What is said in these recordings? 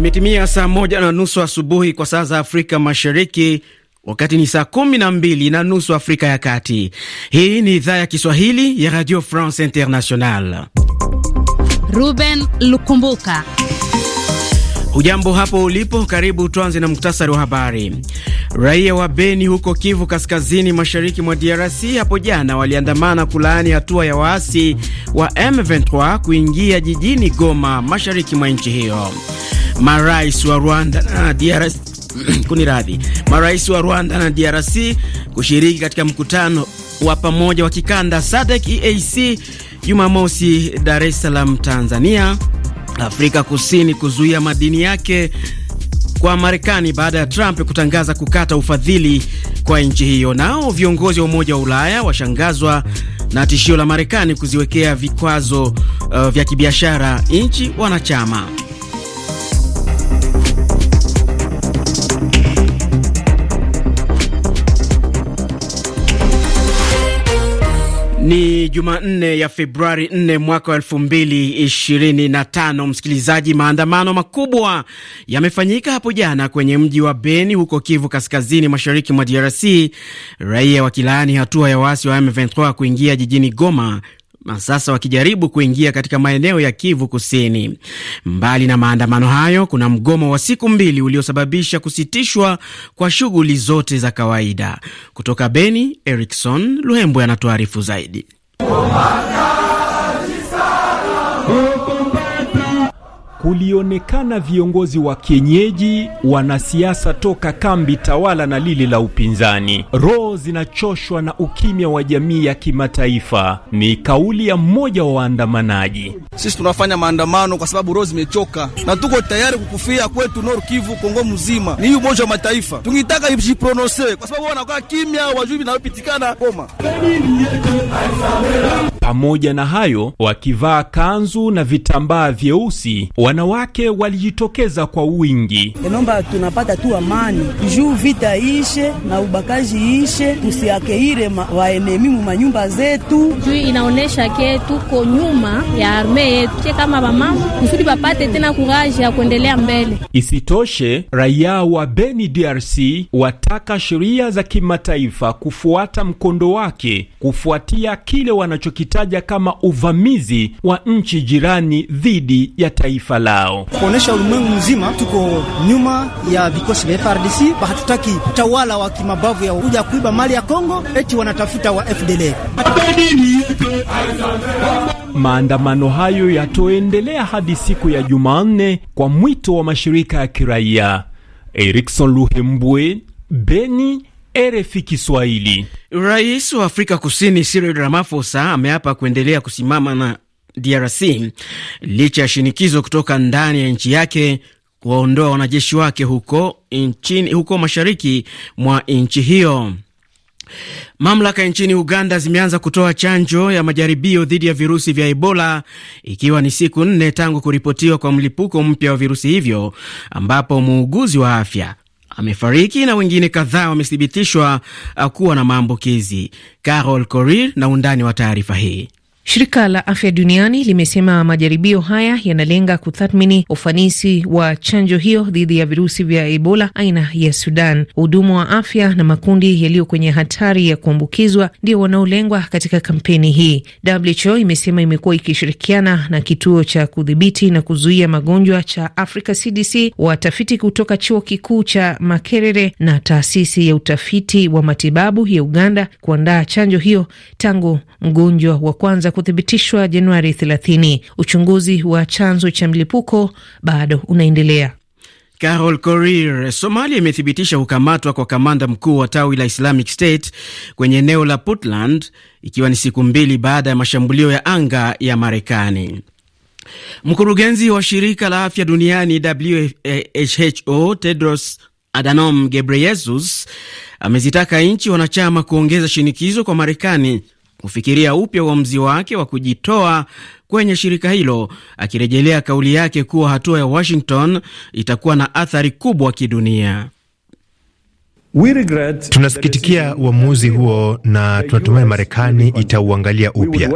Imetimia saa moja na nusu asubuhi kwa saa za Afrika Mashariki, wakati ni saa kumi na mbili na nusu Afrika ya Kati. Hii ni idhaa ya Kiswahili ya Radio France International. Ruben Lukumbuka, hujambo hapo ulipo? Karibu tuanze na muktasari wa habari. Raia wa Beni huko Kivu kaskazini mashariki mwa DRC hapo jana waliandamana kulaani hatua ya waasi wa M23 kuingia jijini Goma mashariki mwa nchi hiyo marais wa Rwanda na DRC kuni radhi, marais wa Rwanda na DRC kushiriki katika mkutano wa pamoja wa kikanda SADC EAC Jumamosi Dar es Salaam Tanzania. Afrika Kusini kuzuia madini yake kwa Marekani baada ya Trump kutangaza kukata ufadhili kwa nchi hiyo. Nao viongozi wa Umoja wa Ulaya washangazwa na tishio la Marekani kuziwekea vikwazo uh, vya kibiashara nchi wanachama. Ni Jumanne ya Februari 4 mwaka wa elfu mbili ishirini na tano. Msikilizaji, maandamano makubwa yamefanyika hapo jana kwenye mji wa Beni huko Kivu Kaskazini, mashariki mwa DRC, raia wakilaani hatua ya waasi wa M23 kuingia jijini Goma na sasa wakijaribu kuingia katika maeneo ya Kivu Kusini. Mbali na maandamano hayo, kuna mgomo wa siku mbili uliosababisha kusitishwa kwa shughuli zote za kawaida. Kutoka Beni, Erikson Luhembwe anatuarifu zaidi kulionekana viongozi wa kienyeji, wanasiasa toka kambi tawala na lili la upinzani. Roho zinachoshwa na ukimya wa jamii ya kimataifa, ni kauli ya mmoja wa waandamanaji. Sisi tunafanya maandamano kwa sababu roho zimechoka na tuko tayari kukufia kwetu Nord Kivu, Kongo mzima. Ni hii Umoja wa Mataifa tungitaka ijiprononse kwa sababu wanakaa kimya, wajui vinayopitikana Goma. Pamoja na hayo, wakivaa kanzu na vitambaa vyeusi, wanawake walijitokeza kwa wingi. Enomba tunapata tu amani juu vita ishe na ubakaji ishe, tusiakeire waenemi mu manyumba zetu, juu inaonesha ke tuko nyuma ya arme yetu kama bamama kusudi bapate tena kuraji ya kuendelea mbele. Isitoshe, raia wa Beni DRC wataka sheria za kimataifa kufuata mkondo wake kufuatia kile wanachokita kuutaja kama uvamizi wa nchi jirani dhidi ya taifa lao, kuonesha ulimwengu mzima tuko nyuma ya vikosi vya frdc Hatutaki utawala wa kimabavu ya kuja kuiba mali ya Kongo, eti wanatafuta wa FDL. Maandamano hayo yatoendelea hadi siku ya Jumanne kwa mwito wa mashirika ya kiraia. Erikson Luhembwe, Beni. RFI Kiswahili. Rais wa Afrika Kusini Cyril Ramaphosa ameapa kuendelea kusimama na DRC licha ya shinikizo kutoka ndani ya nchi yake kuwaondoa wanajeshi wake huko nchini, huko mashariki mwa nchi hiyo. Mamlaka nchini Uganda zimeanza kutoa chanjo ya majaribio dhidi ya virusi vya Ebola ikiwa ni siku nne tangu kuripotiwa kwa mlipuko mpya wa virusi hivyo, ambapo muuguzi wa afya amefariki na wengine kadhaa wamethibitishwa uh, kuwa na maambukizi. Carol Korir na undani wa taarifa hii Shirika la Afya Duniani limesema majaribio haya yanalenga kutathmini ufanisi wa chanjo hiyo dhidi ya virusi vya Ebola aina ya Sudan. Wahudumu wa afya na makundi yaliyo kwenye hatari ya kuambukizwa ndio wanaolengwa katika kampeni hii. WHO imesema imekuwa ikishirikiana na kituo cha kudhibiti na kuzuia magonjwa cha Africa CDC, watafiti kutoka chuo kikuu cha Makerere na taasisi ya utafiti wa matibabu ya Uganda kuandaa chanjo hiyo tangu mgonjwa wa kwanza za kuthibitishwa Januari 30. Uchunguzi wa chanzo cha mlipuko bado unaendelea. Carol Korir. Somalia imethibitisha kukamatwa kwa kamanda mkuu wa tawi la Islamic State kwenye eneo la Puntland ikiwa ni siku mbili baada ya mashambulio ya anga ya Marekani. Mkurugenzi wa shirika la afya duniani WHO Tedros Adhanom Ghebreyesus amezitaka nchi wanachama kuongeza shinikizo kwa Marekani kufikiria upya uamuzi wake wa kujitoa kwenye shirika hilo, akirejelea kauli yake kuwa hatua ya Washington itakuwa na athari kubwa kidunia. Tunasikitikia uamuzi huo na tunatumai Marekani itauangalia upya.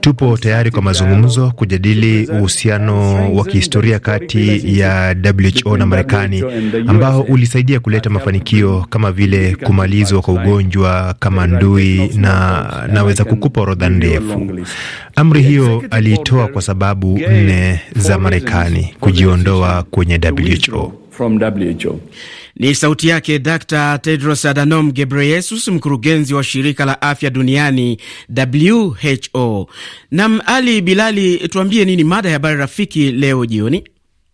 Tupo tayari kwa mazungumzo, kujadili uhusiano wa kihistoria kati ya WHO na Marekani ambao ulisaidia kuleta mafanikio kama vile kumalizwa kwa ugonjwa kama ndui, na naweza kukupa orodha ndefu. Amri hiyo aliitoa kwa sababu nne za Marekani kujiondoa kwenye WHO from WHO. Ni sauti yake Dr. Tedros Adhanom Ghebreyesus mkurugenzi wa shirika la afya duniani WHO. Nam Ali Bilali, tuambie nini mada ya habari rafiki leo jioni?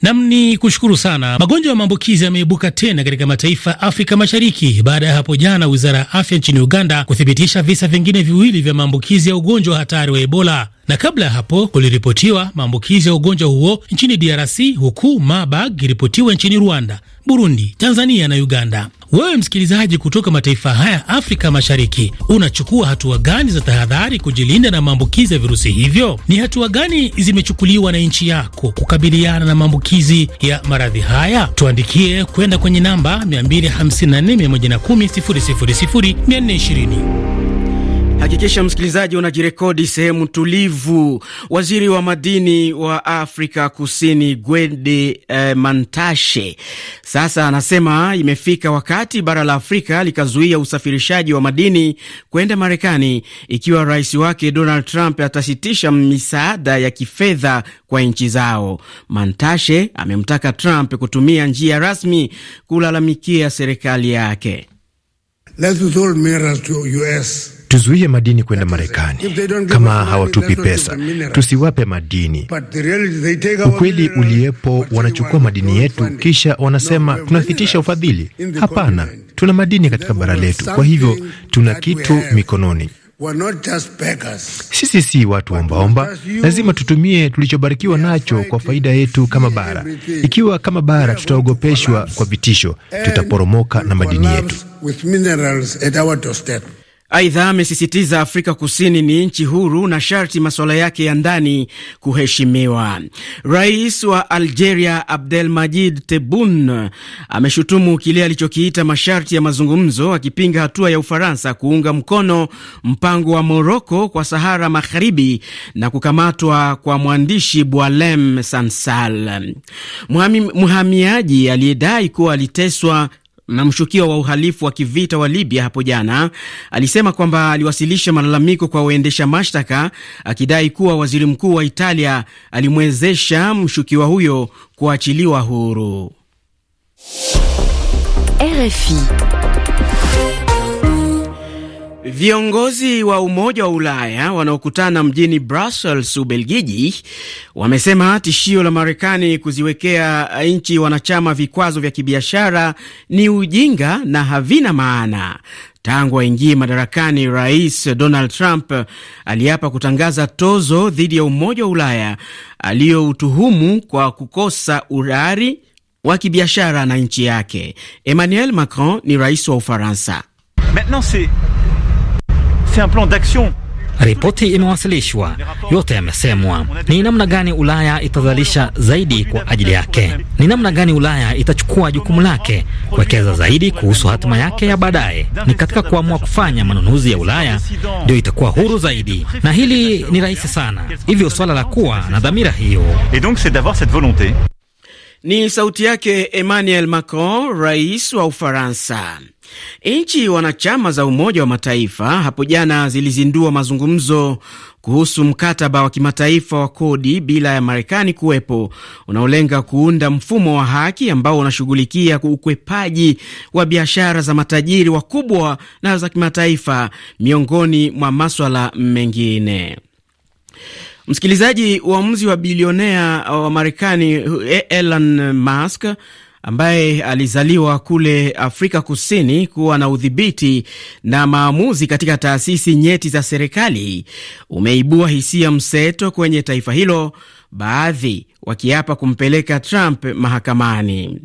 Nam ni kushukuru sana. Magonjwa ya maambukizi yameibuka tena katika mataifa ya Afrika Mashariki baada ya hapo jana wizara ya afya nchini Uganda kuthibitisha visa vingine viwili vya maambukizi ya ugonjwa hatari wa Ebola, na kabla ya hapo kuliripotiwa maambukizi ya ugonjwa huo nchini DRC, huku Marburg iripotiwa nchini Rwanda, Burundi, Tanzania na Uganda. Wewe msikilizaji, kutoka mataifa haya Afrika Mashariki, unachukua hatua gani za tahadhari kujilinda na maambukizi ya virusi hivyo? Ni hatua gani zimechukuliwa na nchi yako kukabiliana na maambukizi ya maradhi haya? Tuandikie kwenda kwenye namba 254 110 000 420. Hakikisha msikilizaji, unajirekodi sehemu tulivu. Waziri wa madini wa Afrika Kusini Gwede eh, Mantashe sasa anasema imefika wakati bara la Afrika likazuia usafirishaji wa madini kwenda Marekani ikiwa rais wake Donald Trump atasitisha misaada ya kifedha kwa nchi zao. Mantashe amemtaka Trump kutumia njia rasmi kulalamikia serikali yake. Tuzuie madini kwenda Marekani kama hawatupi pesa, tusiwape madini. Ukweli uliepo, wanachukua madini yetu kisha wanasema tunathitisha ufadhili. Hapana, tuna madini katika bara letu, kwa hivyo tuna kitu mikononi. Sisi si watu ombaomba, lazima tutumie tulichobarikiwa nacho kwa faida yetu kama bara. Ikiwa kama bara tutaogopeshwa kwa vitisho, tutaporomoka na madini yetu. Aidha, amesisitiza Afrika Kusini ni nchi huru na sharti masuala yake ya ndani kuheshimiwa. Rais wa Algeria abdel majid Tebboune ameshutumu kile alichokiita masharti ya mazungumzo, akipinga hatua ya Ufaransa kuunga mkono mpango wa Moroko kwa Sahara Magharibi na kukamatwa kwa mwandishi Boualem Sansal, mhamiaji aliyedai kuwa aliteswa na mshukiwa wa uhalifu wa kivita wa Libya hapo jana alisema kwamba aliwasilisha malalamiko kwa waendesha mashtaka akidai kuwa waziri mkuu wa Italia alimwezesha mshukiwa huyo kuachiliwa huru. RFI. Viongozi wa Umoja wa Ulaya wanaokutana mjini Brussels, Ubelgiji, wamesema tishio la Marekani kuziwekea nchi wanachama vikwazo vya kibiashara ni ujinga na havina maana. Tangu aingie madarakani, Rais Donald Trump aliapa kutangaza tozo dhidi ya Umoja wa Ulaya aliyoutuhumu kwa kukosa urari wa kibiashara na nchi yake. Emmanuel Macron ni rais wa Ufaransa un plan d'action. Ripoti imewasilishwa, yote yamesemwa. Ni namna gani Ulaya itazalisha zaidi kwa ajili yake, ni namna gani Ulaya itachukua jukumu lake kuwekeza zaidi kuhusu hatima yake ya baadaye. Ni katika kuamua kufanya manunuzi ya Ulaya ndio itakuwa huru zaidi, na hili ni rahisi sana. Hivyo swala la kuwa na dhamira hiyo ni sauti yake Emmanuel Macron, rais wa Ufaransa. Nchi wanachama za Umoja wa Mataifa hapo jana zilizindua mazungumzo kuhusu mkataba wa kimataifa wa kodi bila ya Marekani kuwepo unaolenga kuunda mfumo wa haki ambao unashughulikia ukwepaji wa biashara za matajiri wakubwa na za kimataifa miongoni mwa maswala mengine. Msikilizaji, uamuzi wa bilionea wa Marekani Elon Musk ambaye alizaliwa kule Afrika Kusini kuwa na udhibiti na maamuzi katika taasisi nyeti za serikali umeibua hisia mseto kwenye taifa hilo, baadhi wakiapa kumpeleka Trump mahakamani.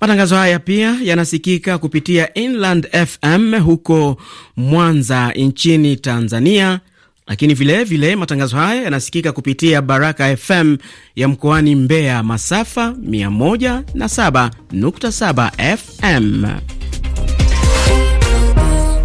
Matangazo haya pia yanasikika kupitia Inland FM huko Mwanza nchini Tanzania lakini vilevile vile, matangazo haya yanasikika kupitia Baraka FM ya mkoani Mbeya, masafa 107.7 FM.